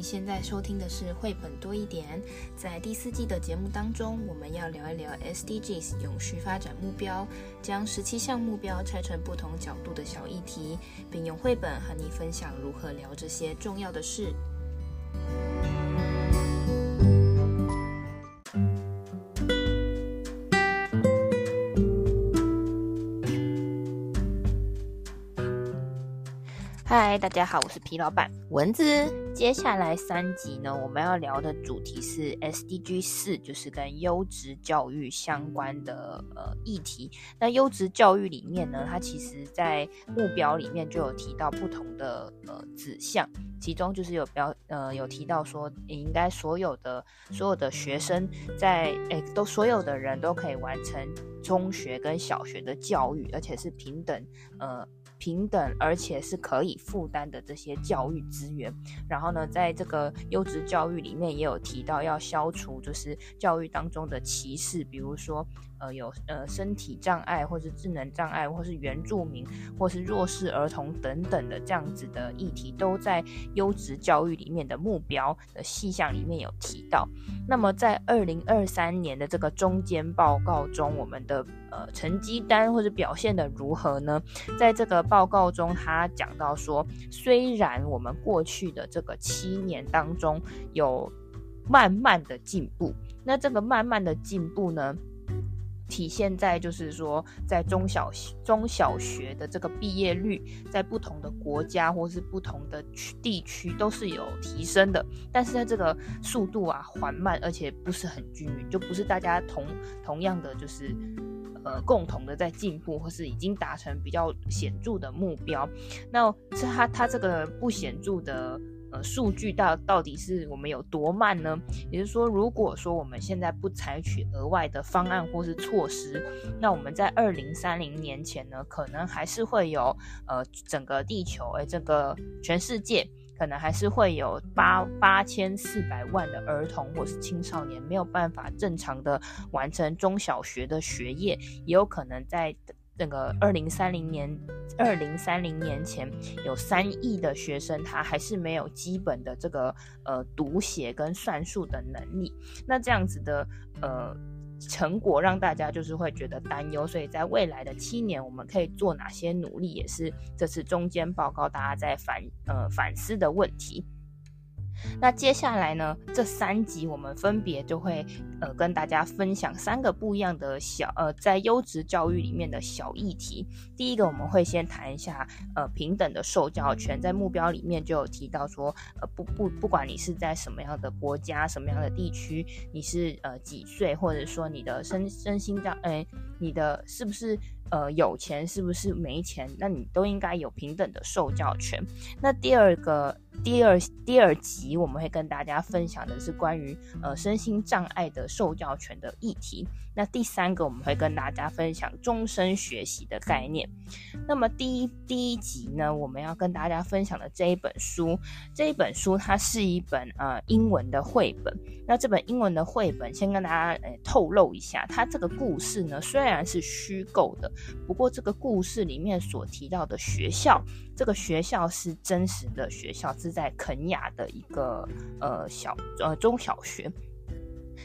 你現在收聽的是繪本多一點。在第四季的節目當中，我們要聊一聊 SDGs 永續發展目標，將十七項目標拆成不同角度的小議題，並用繪本和你分享如何聊這些重要的事。嗨，大家好，我是皮老闆蚊子。文接下來三集呢，我們要聊的主題是 SDG 四，就是跟優質教育相關的呃議題。那優質教育裡面呢，它其實在目標裡面就有提到不同的呃指向，其中就是有標呃有提到說，應該所有的所有的學生在誒都所有的人都可以完成中學跟小學的教育，而且是平等呃。平等，而且是可以負擔的這些教育資源。然後呢，在這個優質教育裡面，也有提到要消除就是教育當中的歧視，比如說。呃，有呃身體障礙、或是智能障礙、或是原住民、或是弱勢兒童等等的這樣子的議題，都在優質教育裡面的目標的細項裡面有提到。那麼，在二零二三年的這個中間報告中，我們的呃成績單或是表現得如何呢？在這個報告中，他講到說，雖然我們過去的這個七年當中有慢慢的進步，那這個慢慢的進步呢，體現在就是說，在中小中小學的這個畢業率，在不同的國家或是不同的區地區都是有提升的，但是它這個速度啊緩慢，而且不是很均勻，就不是大家同同樣的就是呃共同的在進步，或是已經達成比較顯著的目標，那這它它這個不顯著的。呃，數據到到底是我們有多慢呢？也就是說，如果說我們現在不採取額外的方案或是措施，那我們在二零三零年前呢，可能還是會有呃，整個地球，誒、欸，這個全世界可能還是會有八八千四百萬的兒童或是青少年沒有辦法正常的完成中小學的學業，也有可能在。整個二零三零年，二零三零年前有三億的學生，他還是沒有基本的這個呃讀寫跟算術的能力。那這樣子的呃成果，讓大家就是會覺得擔憂。所以在未來的七年，我們可以做哪些努力，也是這次中間報告大家在反呃反思的問題。那接下來呢，這三集我們分別就會呃跟大家分享三個不一樣的小呃，在優質教育裡面的小議題。第一個，我們會先談一下呃平等的受教權，在目標裡面就有提到說，呃不不，不管你是在什麼樣的國家、什麼樣的地區，你是呃幾歲，或者說你的身身心障，哎，你的是不是呃有錢，是不是沒錢，那你都應該有平等的受教權。那第二個。第二第二集我們會跟大家分享的是關於呃身心障礙的受教權的議題。那第三個我們會跟大家分享終身學習的概念。那麼第一第一集呢，我們要跟大家分享的這一本書，這一本書它是一本呃英文的繪本。那這本英文的繪本，先跟大家呃透露一下，它這個故事呢雖然是虛構的，不過這個故事裡面所提到的學校，這個學校是真實的學校。在肯亞的一個呃小呃中小學，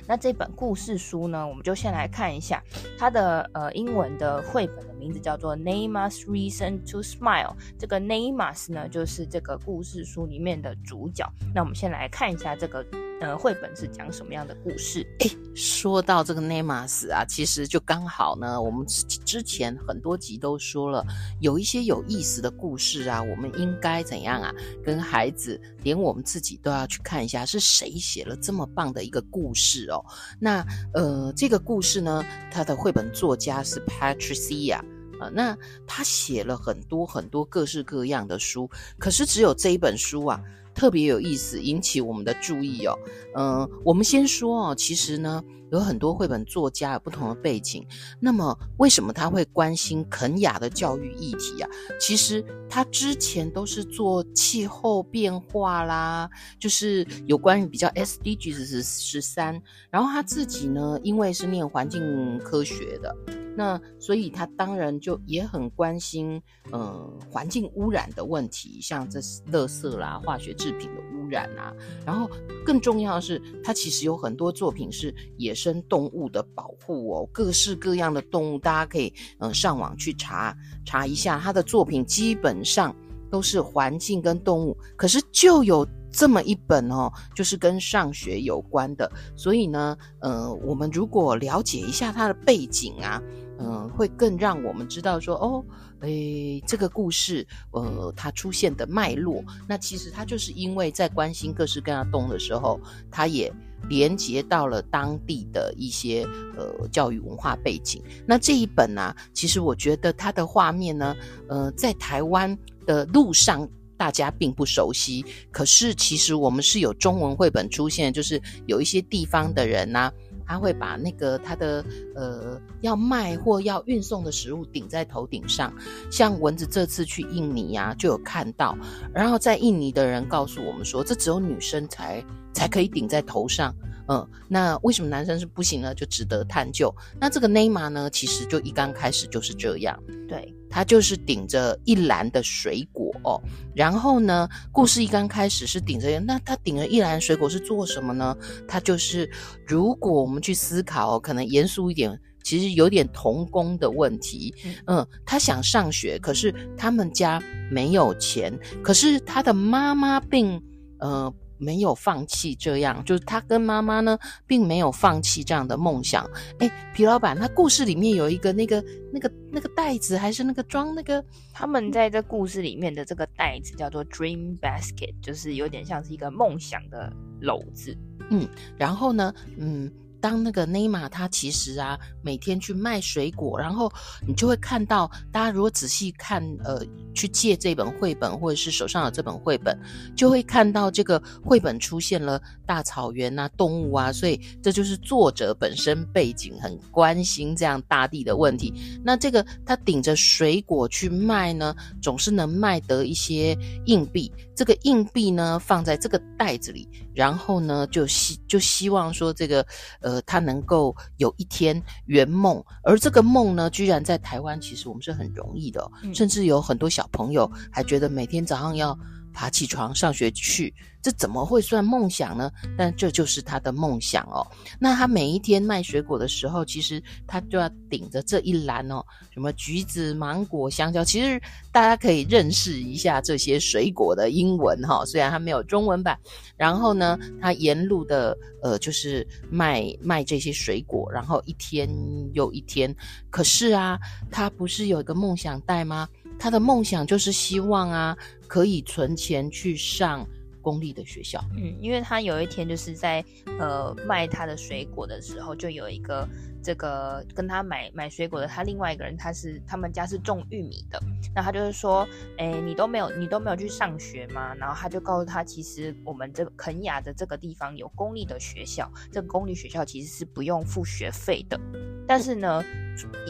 那這本故事書呢，我們就先來看一下它的呃英文的繪本。名字叫做《Neema's Reason to Smile》。這個 Neema's 呢，就是這個故事書裡面的主角。那我們先來看一下這個呃，繪本是講什麼樣的故事。欸，說到這個 Neema's 啊，其實就剛好呢，我們之前很多集都說了，有一些有意思的故事啊，我們應該怎樣啊，跟孩子，連我們自己都要去看一下，是誰寫了這麼棒的一個故事哦。那呃，這個故事呢，它的繪本作家是 Patricia。啊、呃，那他寫了很多很多各式各樣的書，可是只有這一本書啊，特別有意思，引起我們的注意哦。嗯、呃，我們先說哦，其實呢。有很多繪本作家有不同的背景，那麼為什麼他會關心肯雅的教育議題啊？其實他之前都是做氣候變化啦，就是有關於比較 SDGs 十三。然後他自己呢，因為是念環境科學的，那所以他當然就也很關心，嗯、呃，環境污染的問題，像這垃圾啦、化學製品的污染啊。然後更重要的是，他其實有很多作品是也是。生動物的保護哦，各式各樣的動物，大家可以嗯、呃、上網去查查一下他的作品，基本上都是環境跟動物，可是就有這麼一本哦，就是跟上學有關的。所以呢，呃，我們如果了解一下它的背景啊，嗯、呃，會更讓我們知道說哦，誒、哎，這個故事呃它出現的脈絡，那其實它就是因為在關心各式各樣動物的時候，它也。連接到了當地的一些呃教育文化背景。那這一本呢，其實我覺得它的畫面呢，呃，在台灣的路上大家並不熟悉，可是其實我們是有中文繪本出現，就是有一些地方的人呢。他會把那個他的呃要賣或要運送的食物頂在頭頂上，像蚊子這次去印尼啊就有看到，然後在印尼的人告訴我們說，這只有女生才才可以頂在頭上。嗯，那為什麼男生是不行呢？就值得探究。那這個 Neema 呢，其實就一剛開始就是這樣。對，他就是頂着一籃的水果哦。然後呢，故事一剛開始是頂着，那他頂着一籃水果是做什麼呢？他就是，如果我們去思考，可能嚴肅一點，其實有點童工的問題。嗯，他想上學，可是他們家沒有錢，可是他的媽媽並……呃。沒有放棄這樣，就是他跟媽媽呢，並沒有放棄這樣的夢想。誒，皮老板，他故事裡面有一個那個那個那個袋子，還是那個裝那個他們在這故事裡面的這個袋子叫做 Dream Basket，就是有點像是一個夢想的簍子。嗯，然後呢，嗯。當那個 Neema 他其實啊，每天去賣水果，然後你就會看到，大家如果仔細看，呃，去借這本繪本或者是手上有這本繪本，就會看到這個繪本出現了大草原啊、動物啊，所以這就是作者本身背景很關心這樣大地的問題。那這個他頂着水果去賣呢，總是能賣得一些硬幣，這個硬幣呢放在這個袋子裡。然後呢，就希就希望說這個，呃，他能夠有一天圓夢。而這個夢呢，居然在台灣，其實我們是很容易的哦，嗯，甚至有很多小朋友還覺得每天早上要。爬起床上學去，這怎麼會算夢想呢？但這就是他的夢想哦。那他每一天賣水果的時候，其實他就要頂着這一籃哦，什麼橘子、芒果、香蕉。其實大家可以認識一下這些水果的英文哈、哦，雖然它沒有中文版。然後呢，他沿路的呃，就是賣賣這些水果，然後一天又一天。可是啊，他不是有一個夢想袋嗎？他的夢想就是希望啊。可以存錢去上公立的學校。嗯，因為他有一天就是在呃賣他的水果的時候，就有一個這個跟他買買水果的他另外一個人，他是他們家是種玉米的，那他就是說，誒、欸，你都沒有你都沒有去上學嗎？然後他就告訴他，其實我們這個肯亞的這個地方有公立的學校，這個公立學校其實是不用付學費的，但是呢。嗯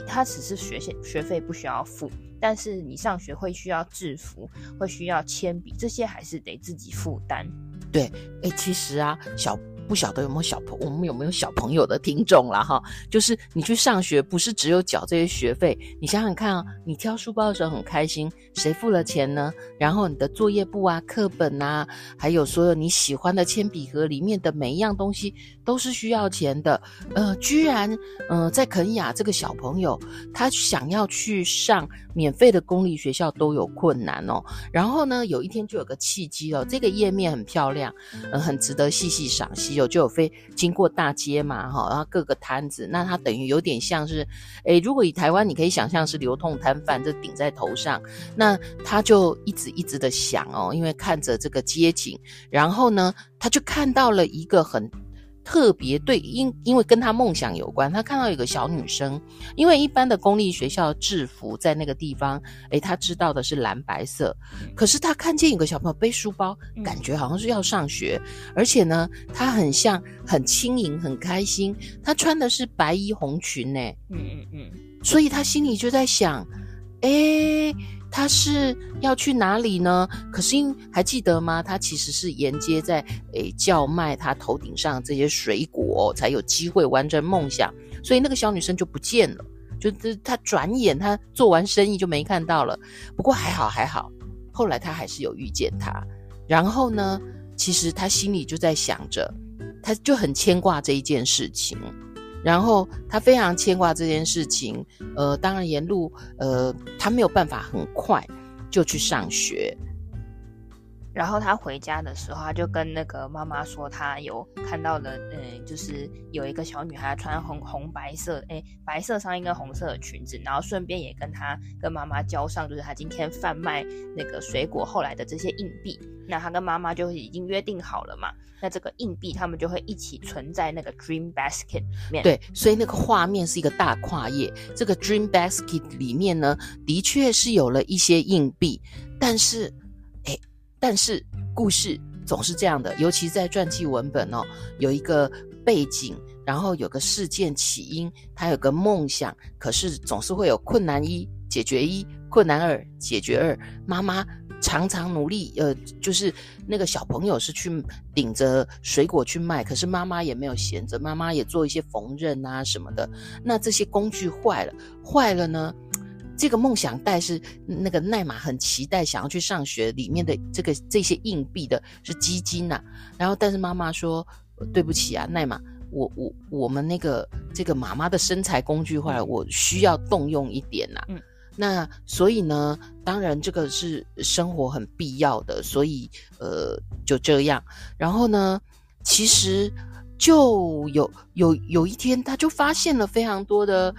他只是學學學費不需要付，但是你上學會需要制服，會需要鉛筆，這些還是得自己負擔。對，哎、欸，其實啊，小。不曉得有沒有小朋，我們有沒有小朋友的聽眾了哈？就是你去上學，不是只有繳這些學費。你想想看啊、哦，你挑書包的時候很開心，誰付了錢呢？然後你的作業簿啊、課本啊，還有所有你喜歡的鉛筆盒裡面的每一樣東西，都是需要錢的。呃，居然，呃，在肯亞這個小朋友，他想要去上免費的公立學校都有困難哦。然後呢，有一天就有個契機哦，這個頁面很漂亮，呃，很值得細細賞析。有就有飛經過大街嘛，哈，然後各個攤子，那他等於有點像是，誒、欸，如果以台灣，你可以想象是流動攤販，就頂在頭上，那他就一直一直的想哦，因為看着這個街景，然後呢，他就看到了一個很。特別對，因因為跟他夢想有關。他看到有個小女生，因為一般的公立學校制服在那個地方，誒、欸、他知道的是藍白色。可是他看見有個小朋友背書包，感覺好像是要上學，而且呢，他很像很輕盈很開心。他穿的是白衣紅裙呢，嗯嗯嗯，所以他心裡就在想，誒、欸他是要去哪裡呢？可是你還記得嗎？他其實是沿街在誒、欸、叫賣，他頭頂上這些水果才有機會完成夢想，所以那個小女生就不見了，就他轉眼他做完生意就沒看到了。不過還好還好，後來他還是有遇見他。然後呢，其實他心裡就在想着，他就很牽掛這一件事情。然後他非常牽掛這件事情，呃，當然沿路，呃，他沒有辦法很快就去上學。然後他回家的時候，他就跟那個媽媽說，他有看到了，嗯、呃，就是有一個小女孩穿紅紅白色，哎，白色上衣跟紅色的裙子，然後順便也跟他跟媽媽交上，就是他今天販賣那個水果後來的這些硬幣。那他跟媽媽就已經約定好了嘛，那這個硬幣他們就會一起存在那個 Dream Basket 裡面。對，所以那個畫面是一個大跨頁，這個 Dream Basket 裡面呢，的確是有了一些硬幣，但是。但是故事總是這樣的，尤其在傳記文本哦，有一個背景，然後有個事件起因，他有個夢想，可是總是會有困難一解決一，困難二解決二。媽媽常常努力，呃，就是那個小朋友是去頂着水果去賣，可是媽媽也沒有閒着，媽媽也做一些縫紉啊什麼的。那這些工具壞了，壞了呢？這個夢想袋是那個奈瑪很期待想要去上學，裡面的這個這些硬幣的是基金吶、啊，然後但是媽媽說、呃、對不起啊，奈瑪，我我我們那個這個媽媽的生財工具壞了，我需要動用一點吶、啊。那所以呢，當然這個是生活很必要的，所以呃就這樣，然後呢，其實。就有有有一天，他就發現了非常多的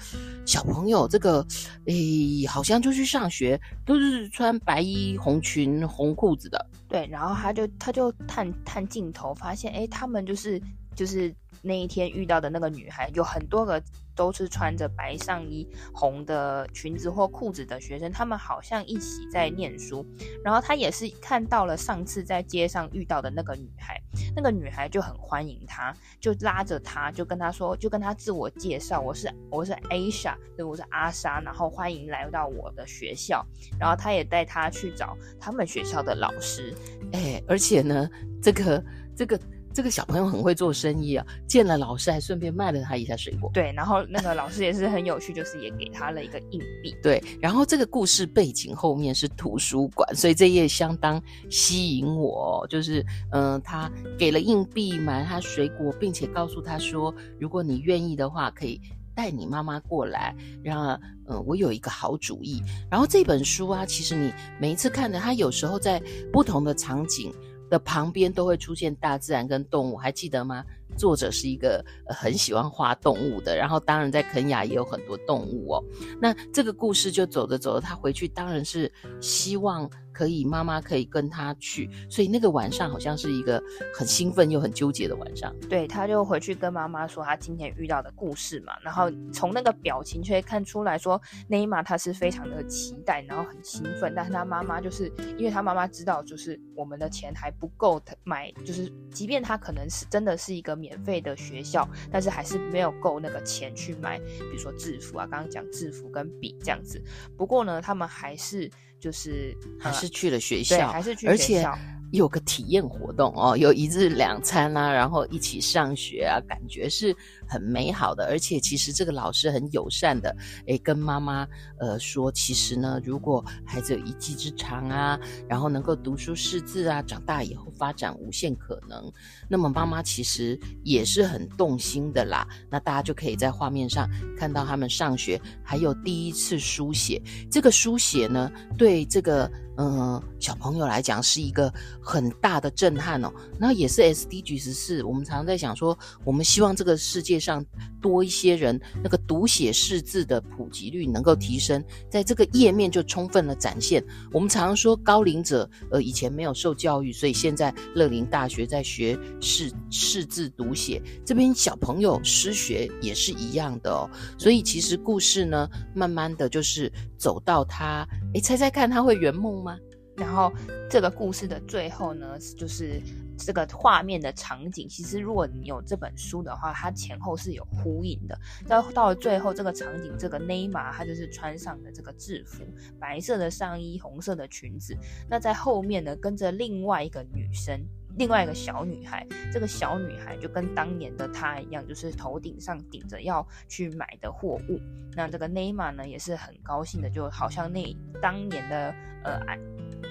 小朋友，這個誒、欸，好像就去上學，都是穿白衣紅裙、紅褲子的。對，然後他就他就探探鏡頭，發現哎、欸，他們就是就是那一天遇到的那個女孩，有很多個。都是穿着白上衣、紅的裙子或褲子的學生，他們好像一起在念書。然後他也是看到了上次在街上遇到的那個女孩，那個女孩就很歡迎他，就拉着他就跟他說，就跟他自我介紹，我是我是阿莎對，我是阿莎，然後歡迎來到我的學校。然後他也帶他去找他們學校的老師，哎，而且呢，這個這個。這個小朋友很會做生意啊！見了老師還順便賣了他一下水果。對，然後那個老師也是很有趣， 就是也給他了一個硬幣。對，然後這個故事背景後面是圖書館，所以這頁相當吸引我，哦。就是，嗯、呃，他給了硬幣買了他水果，並且告訴他說：“如果你願意的話，可以帶你媽媽過來。”讓，嗯、呃，我有一個好主意。然後這本書啊，其實你每一次看的，他有時候在不同的場景。的旁邊都會出現大自然跟動物，還記得嗎？作者是一個、呃、很喜歡畫動物的，然後當然在肯亞也有很多動物哦。那這個故事就走着走着，他回去當然是希望。可以，媽媽可以跟他去，所以那個晚上好像是一個很興奮又很糾結的晚上。對，他就回去跟媽媽說他今天遇到的故事嘛，然後從那個表情卻看出來說，Neema 他是非常的期待，然後很興奮，但是他媽媽就是因為他媽媽知道，就是我們的錢還不夠他買，就是即便他可能是真的是一個免費的學校，但是還是沒有夠那個錢去買，比如說制服啊，剛剛講制服跟筆這樣子。不過呢，他們還是。就是還是去了學校，對、嗯、還是去學校，有個體驗活動哦，有一日兩餐啊，然後一起上學啊，感覺是。很美好的，而且其實這個老師很友善的，哎，跟媽媽呃說，其實呢，如果孩子有一技之長啊，然後能夠讀書識字啊，長大以後發展無限可能，那麼媽媽其實也是很動心的啦。那大家就可以在畫面上看到他們上學，還有第一次書寫。這個書寫呢，對這個嗯、呃、小朋友來講是一個很大的震撼哦。那也是 SDG14，我們常常在想說，我們希望這個世界。上多一些人，那個讀寫識字的普及率能夠提升，在這個頁面就充分的展現。我們常說高齡者，呃，以前沒有受教育，所以現在樂齡大學在學識識字讀寫。這邊小朋友失學也是一樣的哦，所以其實故事呢，慢慢的就是走到他，誒，猜猜看他會圓夢嗎？然後這個故事的最後呢，就是這個畫面的場景。其實如果你有這本書的話，它前後是有呼應的。到到了最後，這個場景，這個 Neema 她，就是穿上了這個制服，白色的上衣，紅色的裙子。那在後面呢，跟着另外一個女生，另外一個小女孩。這個小女孩就跟當年的她一樣，就是頭頂上頂着要去買的貨物。那這個 Neema 呢，也是很高興的，就好像那當年的呃。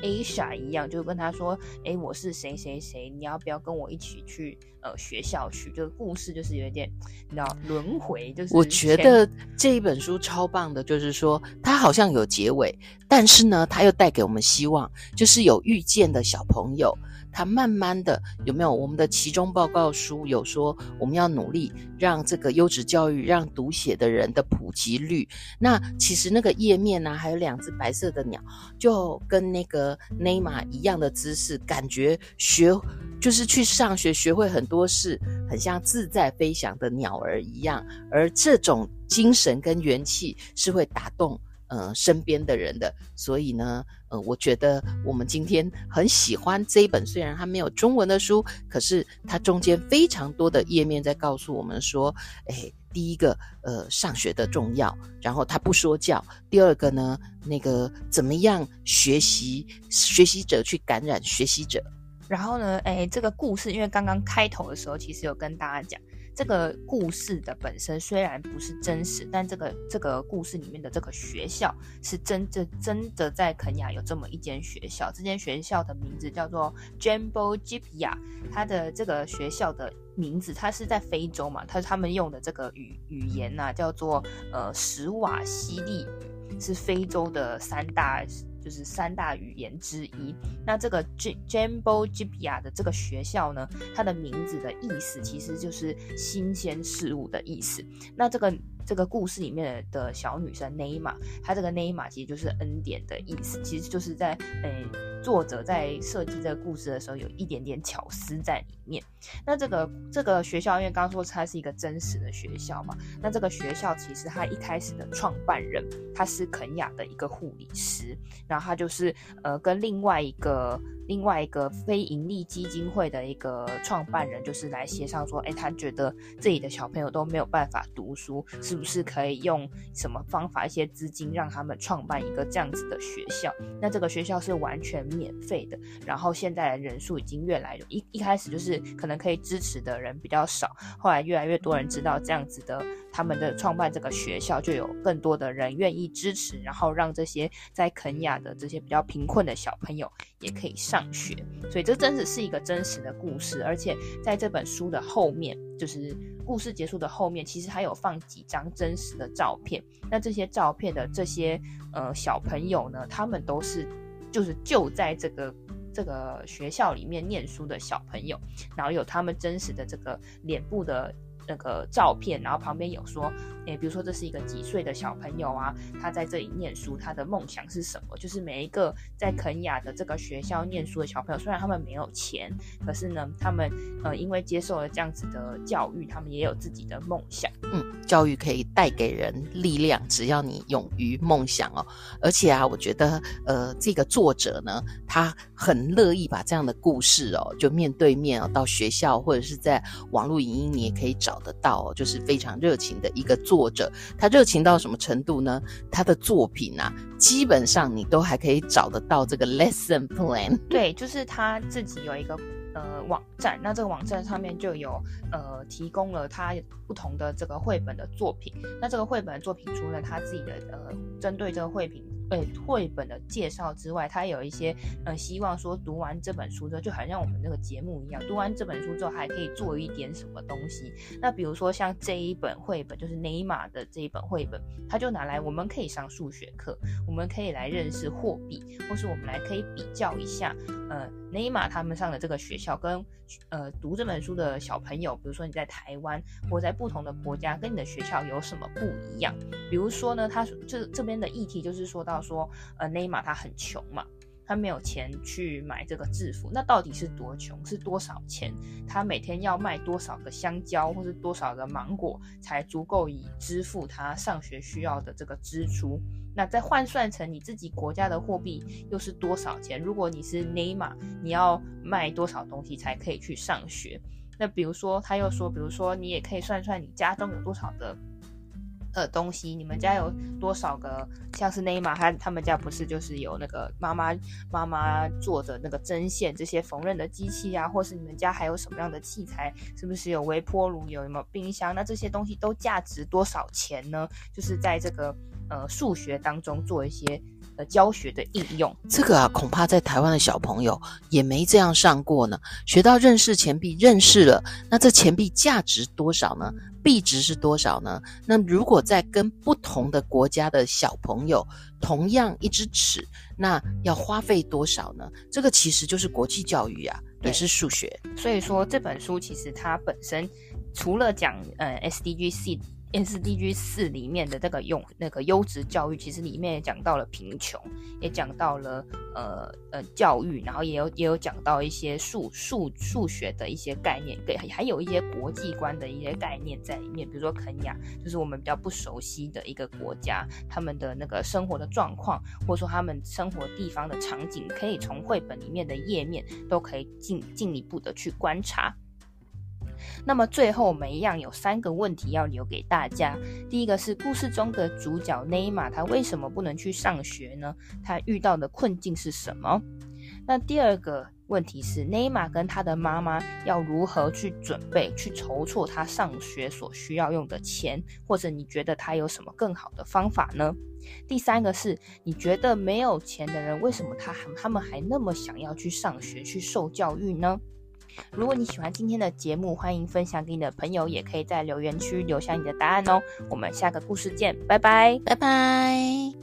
Aisha 一樣，就跟他說：“誒、欸，我是誰誰誰，你要不要跟我一起去？呃，學校去，就是故事，就是有點，你知道輪迴，就是。”我覺得這一本書超棒的，就是說它好像有結尾，但是呢，它又帶給我們希望，就是有遇見的小朋友。它慢慢的有沒有，我們的其中報告書有說，我們要努力讓這個優質教育，讓讀寫的人的普及率。那其實那個頁面啊，還有兩隻白色的鳥，就跟那個 a 馬一樣的姿勢，感覺學就是去上學，學會很多事，很像自在飛翔的鳥兒一樣。而這種精神跟元氣是會打動。呃，身邊的人的，所以呢，呃，我覺得我們今天很喜歡這一本，雖然它沒有中文的書，可是它中間非常多的頁面在告訴我們說，哎，第一個，呃，上學的重要，然後它不說教，第二個呢，那個怎麼樣學習，學習者去感染學習者，然後呢，哎，這個故事，因為剛剛開頭的時候，其實有跟大家講。這個故事的本身雖然不是真實，但這個這個故事裡面的這個學校是真真真的在肯亞有這麼一間學校，這間學校的名字叫做 Jambo Jipia。他的這個學校的名字，他是在非洲嘛？他他們用的這個語語言呢、啊，叫做呃史瓦西利，是非洲的三大。就是三大語言之一。那這個 J Jambo Jipya 的這個學校呢，它的名字的意思其實就是新鮮事物的意思。那這個。這個故事裡面的小女生 Neema 她這個 Neema 其實就是恩典的意思，其實就是在誒作者在設計這個故事的時候有一點點巧思在裡面。那這個這個學校，因為剛剛說它是一個真實的學校嘛，那這個學校其實它一開始的創辦人，他是肯亞的一個護理師，然後他就是呃跟另外一個另外一個非營利基金會的一個創辦人，就是來協商說，哎，他覺得自己的小朋友都沒有辦法讀書。就是可以用什麼方法，一些資金讓他們創辦一個這樣子的學校。那這個學校是完全免費的。然後現在的人數已經越來越，一一開始就是可能可以支持的人比較少，後來越來越多人知道這樣子的，他們的創辦這個學校就有更多的人願意支持，然後讓這些在肯亞的這些比較貧困的小朋友也可以上學。所以這真是是一個真實的故事，而且在這本書的後面。就是故事結束的後面，其實還有放幾張真實的照片。那這些照片的這些呃小朋友呢，他們都是就是就在這個這個學校裡面念書的小朋友，然後有他們真實的這個臉部的那個照片，然後旁邊有說，誒、欸、比如說這是一個幾歲的小朋友啊，他在這裡念書，他的夢想是什麼？就是每一個在肯亞的這個學校念書的小朋友，雖然他們沒有錢，可是呢，他們呃，因為接受了這樣子的教育，他們也有自己的夢想。嗯，教育可以帶給人力量，只要你勇於夢想哦。而且啊，我覺得呃，這個作者呢，他很樂意把這樣的故事哦，就面對面哦，到學校或者是在網絡影音，你也可以找。找得到，就是非常熱情的一個作者。他熱情到什麼程度呢？他的作品啊，基本上你都還可以找得到這個 lesson plan。對，就是他自己有一個呃網站，那這個網站上面就有呃提供了他不同的這個繪本的作品。那這個繪本的作品除了他自己的呃，針對這個繪品。呃，繪本的介紹之外，它有一些，呃希望說讀完這本書之後，就好像我們這個節目一樣，讀完這本書之後還可以做一點什麼東西。那比如說像這一本繪本，就是 Neema 的這一本繪本，他就拿來我們可以上數學課，我們可以來認識貨幣，或是我們來可以比較一下，呃 Neema 他們上的這個學校跟，呃，讀這本書的小朋友，比如說你在台灣或在不同的國家，跟你的學校有什麼不一樣？比如說呢，他這這邊的議題就是說到。要說呃，Neema 他很窮嘛，他沒有錢去買這個制服。那到底是多窮？是多少錢？他每天要賣多少個香蕉，或是多少個芒果才足夠以支付他上學需要的這個支出？那再換算成你自己國家的貨幣又是多少錢？如果你是 Neema，你要賣多少東西才可以去上學？那比如說，他又說，比如說你也可以算算你家中有多少的。的、呃、東西，你們家有多少個？像是 Neema 他，他們家不是就是有那個媽媽媽媽做的那個針線這些縫紉的機器啊，或是你們家還有什麼樣的器材？是不是有微波爐？有什麼冰箱？那這些東西都價值多少錢呢？就是在這個呃數學當中做一些。呃，教學的應用，這個啊，恐怕在台灣的小朋友也沒這樣上過呢。學到認識錢幣，認識了，那這錢幣價值多少呢？幣值是多少呢？那如果在跟不同的國家的小朋友同樣一支尺，那要花費多少呢？這個其實就是國際教育啊，對也是數學。所以說這本書其實它本身除了講呃 SDG C。SDG 四裡面的這個用，那個優質教育，其實裡面也講到了貧窮，也講到了呃呃教育，然後也有也有講到一些數數數學的一些概念，對，還有一些國際觀的一些概念在裡面。比如說肯亞，就是我們比較不熟悉的一個國家，他們的那個生活的狀況，或者說他們生活地方的場景，可以從繪本裡面的頁面都可以進進一步的去觀察。那麼最後，我們一樣有三個問題要留給大家。第一個是故事中的主角 Neema，他為什麼不能去上學呢？他遇到的困境是什麼？那第二個問題是，Neema 跟他的媽媽要如何去準備、去籌措他上學所需要用的錢，或者你覺得他有什麼更好的方法呢？第三個是，你覺得沒有錢的人為什麼他他們還那麼想要去上學、去受教育呢？如果你喜歡今天的節目，歡迎分享給你的朋友，也可以在留言區留下你的答案哦。我們下個故事見，拜拜，拜拜。